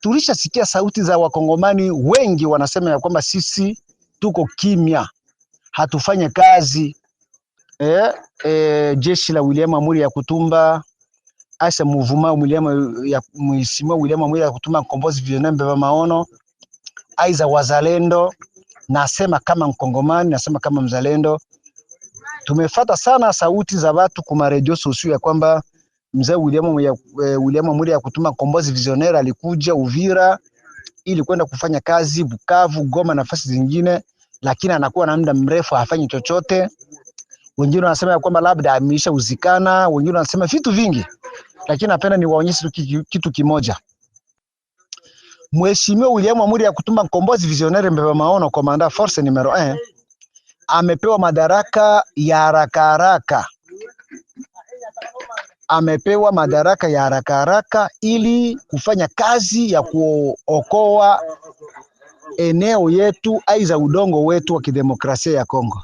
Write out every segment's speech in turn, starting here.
tulishasikia sauti za wakongomani wengi wanasema ya kwamba sisi tuko kimya, hatufanye kazi e, e, jeshi la William Amuri ya kutumba asa muvuma William ya mheshimiwa William Amuri ya kutumba mkombozi vionembe vya maono aiza wazalendo. Nasema kama Mkongomani, nasema kama mzalendo, tumefata sana sauti za watu kuma redio sosio ya kwamba mzee William ya, eh, William Amuri ya kutuma Kombozi Visionnaire alikuja Uvira ili kwenda kufanya kazi Bukavu, Goma, nafasi zingine, lakini anakuwa na muda mrefu hafanyi chochote. Wengine wanasema ya kwamba labda ameisha uzikana, wengine wanasema vitu vingi, lakini napenda niwaonyeshe kitu kimoja. Mheshimiwa William Amuri ya kutuma Kombozi Visionnaire Mbeba Maono, komanda force numero 1 amepewa madaraka ya haraka haraka amepewa madaraka ya haraka haraka ili kufanya kazi ya kuokoa eneo yetu, za udongo wetu wa kidemokrasia ya Kongo.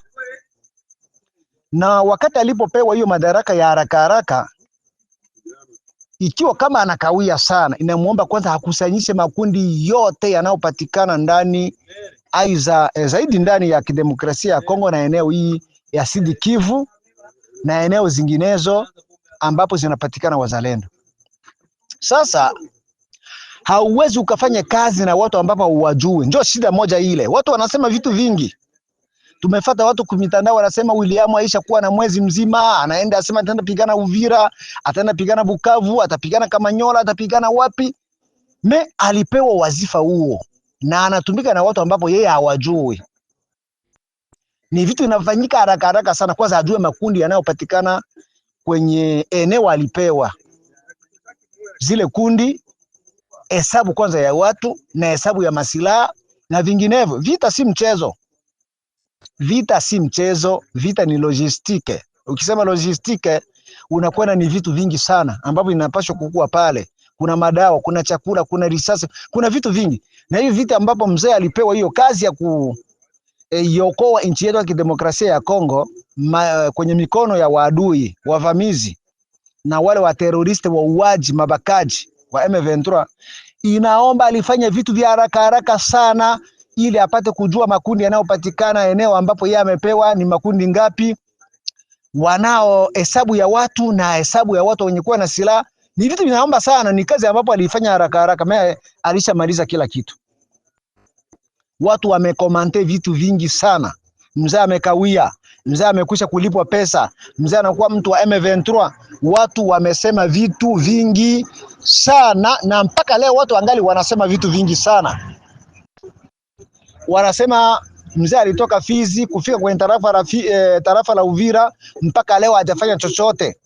Na wakati alipopewa hiyo madaraka ya haraka haraka, ikiwa kama anakawia sana, inamuomba kwanza akusanyishe makundi yote yanayopatikana ndani aiza e, zaidi ndani ya kidemokrasia ya Kongo na eneo hii ya Sidi Kivu na eneo zinginezo ambapo zinapatikana wazalendo. Sasa hauwezi ukafanya kazi na watu ambapo hauwajui, ndio shida moja ile. Watu wanasema vitu vingi tumefata watu kumitandao wanasema William aisha kuwa na mwezi mzima, anaenda asema ataenda pigana Uvira, ataenda pigana Bukavu, atapigana Kamanyola, atapigana wapi? Me alipewa wazifa huo na anatumika na watu ambapo yeye hawajui. Ni vitu vinafanyika haraka haraka sana. Kwanza ajue makundi yanayopatikana kwenye eneo alipewa zile kundi, hesabu kwanza ya watu na hesabu ya masilaha na vinginevyo. Vita si mchezo, vita si mchezo, vita ni logistike. Ukisema logistike, unakwenda ni vitu vingi sana ambavyo inapaswa kukua pale. Kuna madawa, kuna chakula, kuna risasi, kuna vitu vingi, na hiyo vita ambapo mzee alipewa hiyo kazi ya ku e, nchi yetu ya kidemokrasia ya Kongo ma, kwenye mikono ya waadui wavamizi na wale wa teroriste wa wauaji mabakaji wa M23. Inaomba alifanya vitu vya haraka haraka sana, ili apate kujua makundi yanayopatikana eneo ambapo yeye amepewa ni makundi ngapi, wanao hesabu ya watu na hesabu ya watu wenye kuwa na silaha. Ni vitu vinaomba sana, ni kazi ambapo alifanya haraka haraka. Mimi alishamaliza kila kitu. Watu wamekomante vitu vingi sana, mzee amekawia mzee amekwisha kulipwa pesa, mzee anakuwa mtu wa M23. Watu wamesema vitu vingi sana, na mpaka leo watu angali wanasema vitu vingi sana. Wanasema mzee alitoka Fizi kufika kwenye tarafa la, e, tarafa la Uvira, mpaka leo hajafanya chochote.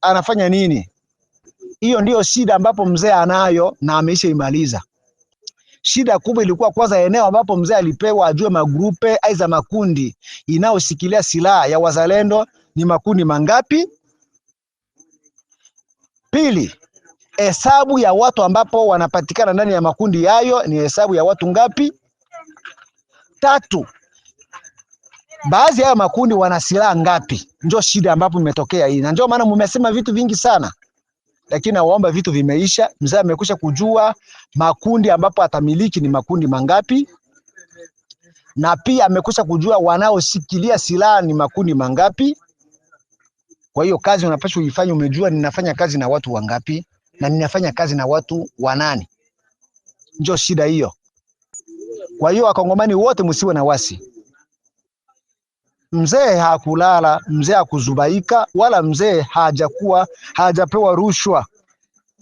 Anafanya nini? Hiyo ndiyo shida ambapo mzee anayo na ameisha imaliza. Shida kubwa ilikuwa kwanza eneo ambapo mzee alipewa ajue magrupe za makundi inayoshikilia silaha ya wazalendo ni makundi mangapi. Pili, hesabu ya watu ambapo wanapatikana ndani ya makundi hayo ni hesabu ya watu ngapi? Tatu, baadhi ya makundi wana silaha ngapi? Ndio shida ambapo imetokea hii, na ndio maana mmesema vitu vingi sana lakini nawaomba vitu vimeisha. Mzee amekusha kujua makundi ambapo atamiliki ni makundi mangapi, na pia amekusha kujua wanaoshikilia silaha ni makundi mangapi. Kwa hiyo kazi unapaswa uifanye, umejua ninafanya kazi na watu wangapi na ninafanya kazi na watu wanani. Ndio shida hiyo. Kwa hiyo wakongomani wote msiwe na wasi mzee hakulala, mzee hakuzubaika, wala mzee hajakuwa hajapewa rushwa.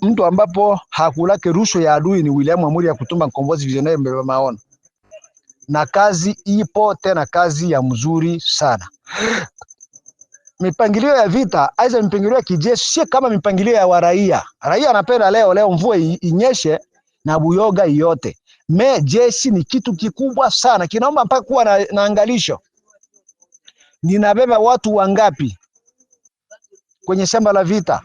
Mtu ambapo hakulake rushwa ya adui ni William Amuri ya kutumba mkombozi visionaire mbele maono, na kazi ipo tena, kazi ya mzuri sana. Mipangilio ya vita aiza mipangilio ya kijeshi sio kama mipangilio ya waraia. Raia anapenda leo leo mvua inyeshe na buyoga yote. Me jeshi ni kitu kikubwa sana, kinaomba mpaka kuwa na, na angalisho ninabeba watu wangapi kwenye shamba la vita,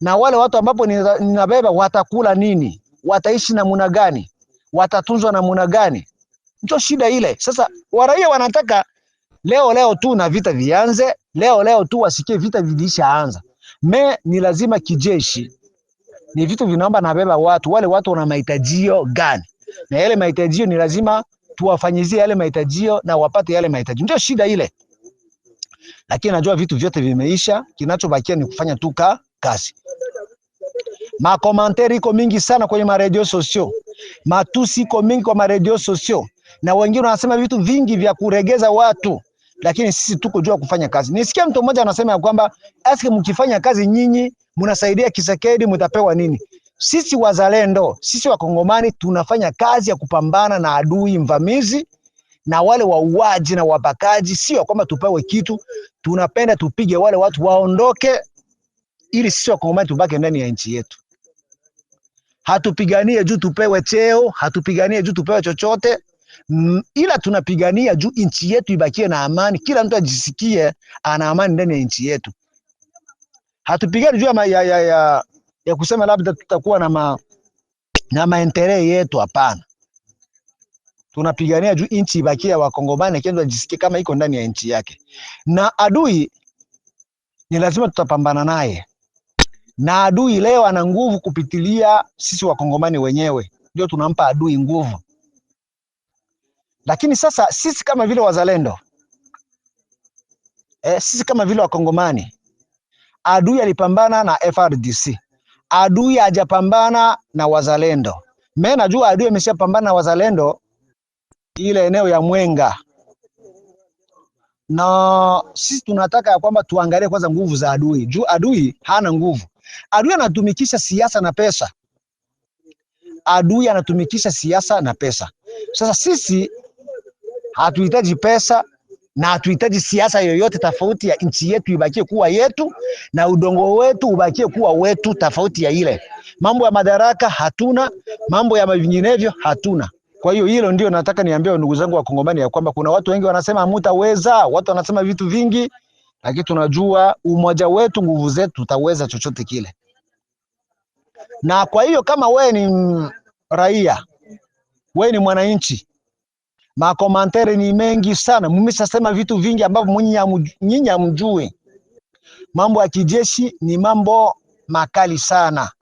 na wale watu ambapo ninabeba watakula nini, wataishi namuna gani, watatunzwa namuna gani? Ndio shida ile. Sasa waraia wanataka leo leo tu na vita vianze leo leo tu, wasikie vita vilishaanza. Me ni lazima kijeshi, ni vitu vinaomba nabeba watu wale, watu wana mahitajio gani, na yale mahitajio ni lazima tuwafanyizie yale mahitajio na wapate yale mahitaji, ndio shida ile lakini najua vitu vyote vimeisha, kinachobakia ni kufanya tu kazi. Makomanteri iko mingi sana kwenye maredio sosio, matusi iko mingi kwa maredio sosio, na wengine wanasema vitu vingi vya kuregeza watu, lakini sisi tuko jua kufanya kazi. Nisikia mtu mmoja anasema ya kwamba aske, mkifanya kazi nyinyi mnasaidia kisekedi, mtapewa nini? Sisi wazalendo, sisi wakongomani tunafanya kazi ya kupambana na adui mvamizi na wale wauaji na wabakaji, sio kwamba tupewe kitu. Tunapenda tupige wale watu waondoke, ili sisi wakongomani tubake ndani ya nchi yetu. Hatupiganie juu tupewe cheo, hatupiganie juu tupewe chochote M, mm, ila tunapigania juu nchi yetu ibakie na amani, kila mtu ajisikie ana amani ndani ya nchi yetu. Hatupigani juu ya, ya, ya, ya, kusema labda tutakuwa na ma, na maentere yetu, hapana tunapigania juu inchi ibakie ya Wakongomani, kendo ajisikie kama iko ndani ya inchi yake, na adui ni lazima tutapambana naye, na adui leo ana nguvu kupitilia sisi Wakongomani wenyewe, ndio tunampa adui nguvu. Lakini sasa sisi kama vile wazalendo e, sisi kama vile Wakongomani, adui alipambana na FRDC, adui hajapambana na wazalendo. Mimi najua adui ameshapambana na wazalendo ile eneo ya Mwenga, na sisi tunataka ya kwamba tuangalie kwanza nguvu za adui, juu adui hana nguvu. Adui anatumikisha siasa na pesa, adui anatumikisha siasa na pesa. Sasa sisi hatuhitaji pesa na hatuhitaji siasa yoyote tofauti ya nchi yetu ibakie kuwa yetu na udongo wetu ubakie kuwa wetu, tofauti ya ile mambo ya madaraka hatuna, mambo ya vinginevyo hatuna. Kwa hiyo hilo ndio nataka niambie ndugu zangu wa Kongomani ya kwamba kuna watu wengi wanasema hamutaweza, watu wanasema vitu vingi, lakini tunajua umoja wetu, nguvu zetu, tutaweza chochote kile. Na kwa hiyo kama we ni raia, we ni mwananchi, makomantere ni mengi sana, mmeshasema vitu vingi ambavyo nyinyi hamjui. Mambo ya kijeshi ni mambo makali sana,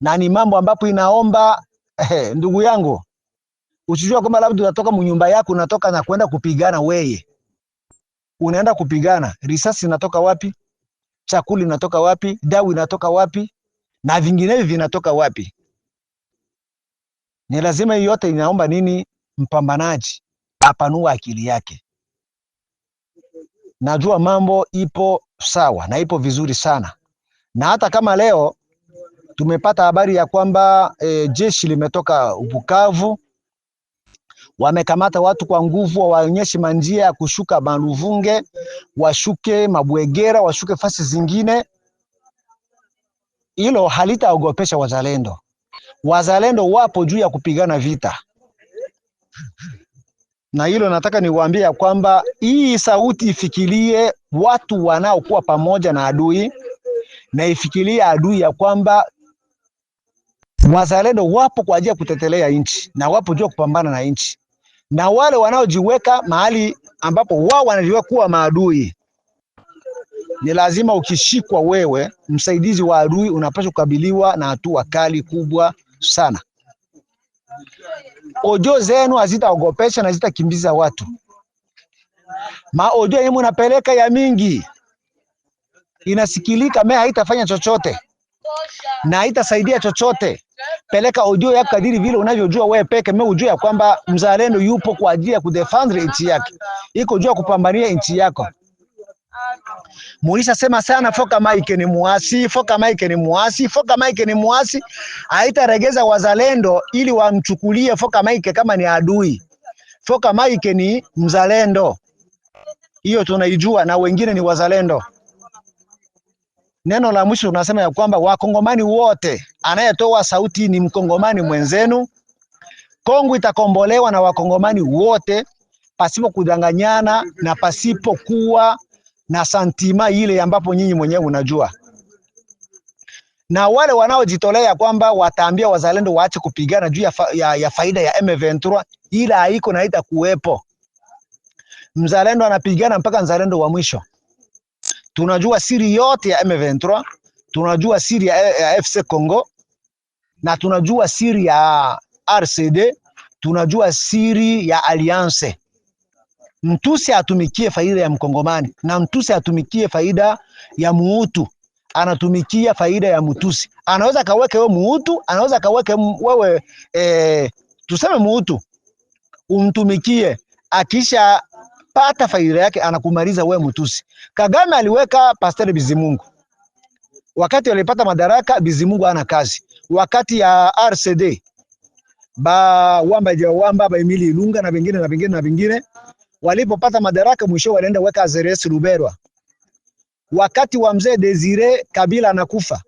na ni mambo ambapo inaomba eh, ndugu yangu Usijua kwamba labda unatoka mnyumba yako unatoka na kwenda kupigana weye, Unaenda kupigana, risasi inatoka wapi? Chakula inatoka wapi? Dawa inatoka wapi? Na vinginevyo vinatoka wapi? Ni lazima hiyo yote inaomba nini? Mpambanaji apanua akili yake. Najua mambo ipo sawa na ipo vizuri sana, na hata kama leo tumepata habari ya kwamba e, jeshi limetoka Bukavu wamekamata watu kwa nguvu, waonyeshe manjia ya kushuka Baluvunge, washuke Mabwegera, washuke fasi zingine. Hilo halitaogopesha wazalendo. Wazalendo wapo juu ya kupigana vita, na hilo nataka niwaambie ya kwamba hii sauti ifikirie watu wanaokuwa pamoja na adui, na ifikirie adui ya kwamba wazalendo wapo kwa ajili ya kutetelea nchi na wapo juu ya kupambana na nchi na wale wanaojiweka mahali ambapo wao wanajua kuwa maadui. Ni lazima ukishikwa wewe msaidizi wa adui, unapaswa kukabiliwa na hatua kali kubwa sana. Ojo zenu hazitaogopesha na zitakimbiza watu. Maojo yenye munapeleka ya mingi inasikilika, me haitafanya chochote na haitasaidia chochote peleka ujue ya kadiri vile unavyojua wewe peke, mimi ujue ya kwamba mzalendo yupo kwa ajili ya kudefend nchi yake, iko jua kupambania nchi yako. Mulisa sema sana, Foka Mike ni muasi, Foka Mike ni muasi, Foka Mike ni muasi. Haitaregeza wazalendo ili wamchukulie Foka Mike kama ni adui. Foka Mike ni mzalendo, hiyo tunaijua, na wengine ni wazalendo. Neno la mwisho tunasema ya kwamba wakongomani wote, anayetoa sauti ni mkongomani mwenzenu. Kongo itakombolewa na wakongomani wote pasipo kudanganyana na pasipo kuwa na santima ile ambapo nyinyi mwenyewe unajua. Na wale wanaojitolea kwamba wataambia wazalendo waache kupigana juu ya, fa ya, ya faida ya M23, ila haiko na haitakuwepo. Mzalendo anapigana mpaka mzalendo wa mwisho tunajua siri yote ya M23, tunajua siri ya, ya FC Congo na tunajua siri ya RCD, tunajua siri ya Alliance. Mtusi atumikie faida ya mkongomani na mtusi atumikie faida ya muutu, anatumikia faida ya mtusi. Anaweza kaweke wewe muutu, anaweza kaweke wewe e, tuseme muutu umtumikie, akisha pata faida yake, anakumaliza wewe mtusi. Kagame aliweka Pastor Bizimungu wakati alipata madaraka, Bizimungu ana kazi. Wakati ya RCD ba wamba ja wamba ba Emili Ilunga na vingine na vingine na vingine walipopata madaraka, mwisho walienda weka Azeres Ruberwa. Wakati wa mzee Desire Kabila anakufa,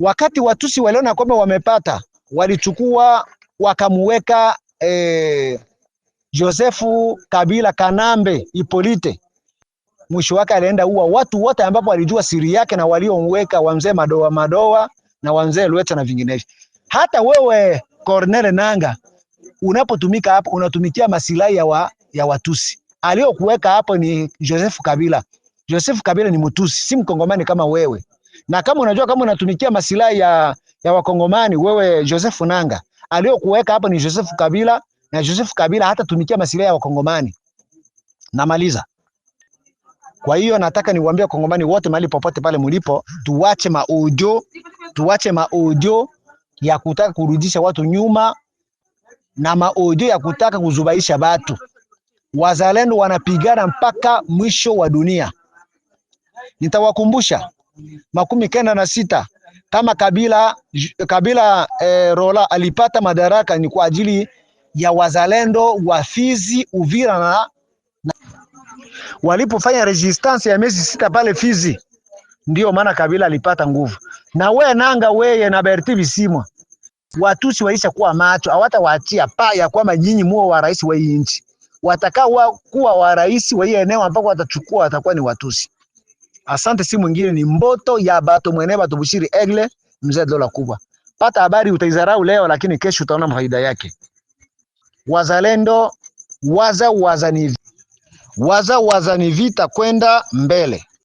wakati watusi waliona kwamba wamepata, walichukua wakamuweka eh, Josefu Kabila Kanambe Ipolite mwisho wake alienda uwa watu wote ambapo walijua siri yake na waliomweka wamzee madoa madoa na wamzee Lweta na vinginevyo. Hata wewe Cornel Nanga unapotumika hapo unatumikia masilahi ya, wa, ya Watusi. Aliyokuweka hapo ni Josefu Kabila. Josefu Kabila ni Mtusi, si mkongomani kama wewe. Na kama unajua kama unatumikia masilahi ya, ya Wakongomani, wewe Josefu Nanga, aliyokuweka hapo ni Josefu Kabila na Joseph Kabila hatatumikia masilahi ya Wakongomani. Namaliza. Kwa hiyo nataka niwaambie Wakongomani wote mahali popote pale mulipo, tuwache maujo, tuwache maujo ya kutaka kurudisha watu nyuma na maujo ya kutaka kuzubaisha watu. Wazalendo wanapigana mpaka mwisho wa dunia. Nitawakumbusha makumi kenda na sita kama Kabila, Kabila eh, Rola alipata madaraka ni kwa ajili ya wazalendo wa Fizi, Uvira na, na walipofanya resistance ya miezi sita pale Fizi, ndio maana Kabila alipata nguvu. Na we nanga weye na Berti Bisimwa, Watusi waisha kuwa macho, hawatawaachia pa ya kwamba nyinyi muo wa rais wa hii nchi. Watakaa kuwa wa rais wa hii eneo ambako watachukua watakuwa ni Watusi. Asante, si mwingine ni mboto ya bato mwene bato Bushiri Egle, mzee dola kubwa. Pata habari utaizarau leo, lakini kesho utaona faida yake wazalendo waza waza ni, waza waza ni vita kwenda mbele.